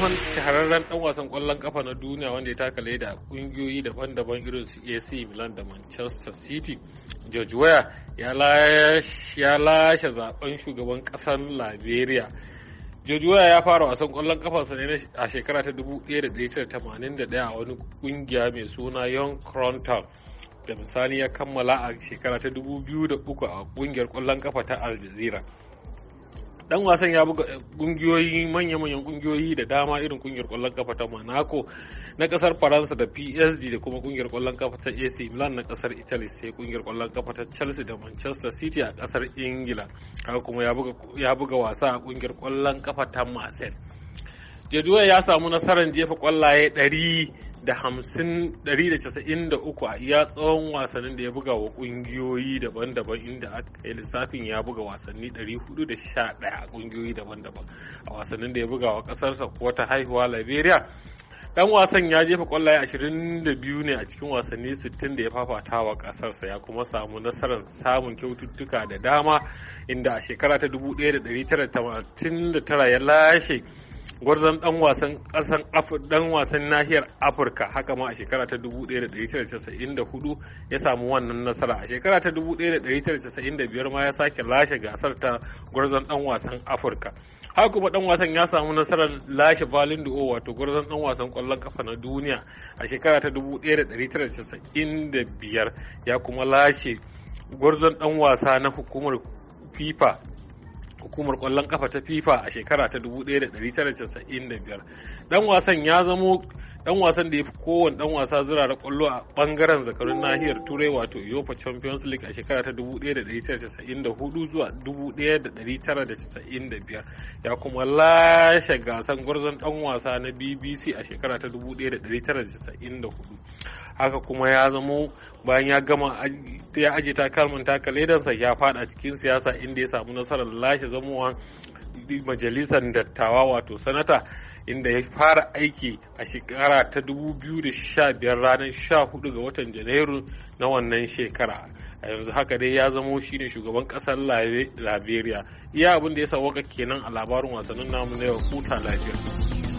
tsohon shahararren dan wasan kwallon kafa na duniya wanda ya taka da a kungiyoyi daban-daban irin su AC Milan da Manchester City George Weah ya lashe zaben shugaban kasar Liberia George Weah ya fara wasan kwallon sa ne a shekara ta 1981 a wani kungiya mai suna Young Crontown. da misali ya kammala a shekara ta 2003 a kungiyar kwallon kafa ta Al dan wasan ya buga kungiyoyi eh, manya-manyan kungiyoyi da dama irin kungiyar kwallon kafa ta Monaco na kasar Faransa da PSG da kuma kungiyar kwallon kafa ta AC Milan na kasar Italy sai kungiyar kwallon kafa ta Chelsea da Manchester City a kasar Ingila haka kuma ya buga wasa a kungiyar kwallon kafa ta Marseille Jadua ya samu nasarar jefa kwallaye 100 da hamsin dari da casa'in da uku a iya tsawon wasannin da ya buga wa kungiyoyi daban-daban inda aka yi lissafin ya buga wasanni dari hudu da sha ɗaya a kungiyoyi daban-daban a wasannin da ya buga wa ƙasarsa ko ta haihuwa liberia dan wasan ya jefa kwallaye 22 ne a cikin wasanni 60 da ya fafata wa kasarsa ya kuma samu nasarar samun kyaututtuka da dama inda a shekara ta 1989 ya lashe gwarzon dan wasan kasan dan wasan nahiyar afirka haka ma a shekara ta 1994 ya samu wannan nasara a shekara ta 1995 ma ya sake lashe gasar ta gwarzon dan wasan afirka haka kuma dan wasan ya samu nasarar lashe balin d'Or wato gwarzon dan wasan kwallon kafa na duniya a shekara ta 1995 ya kuma lashe gwarzon dan wasa na hukumar FIFA hukumar kwallon kafa ta FIFA a shekara ta 1995. Dan wasan ya zamo dan wasan da ya fi kowane dan wasa zura da kwallo a bangaren zakarun nahiyar turai wato UEFA Champions League a shekara ta 1994 zuwa 1995 ya kuma lashe gasan gwarzon dan wasa na BBC a shekara ta 1994. haka kuma ya zamo bayan ya gama ya aje takalmin taka ledansa ya fada cikin siyasa inda ya samu nasarar lashe zamowa majalisar dattawa wato sanata inda ya fara aiki a shekara ta 2015 ranar 14 ga watan janairu na wannan shekara a yanzu haka dai ya zamo shine shugaban kasar liberia iya abin da ya sa waka kenan a labarin wasannin namu na yau huta lafiya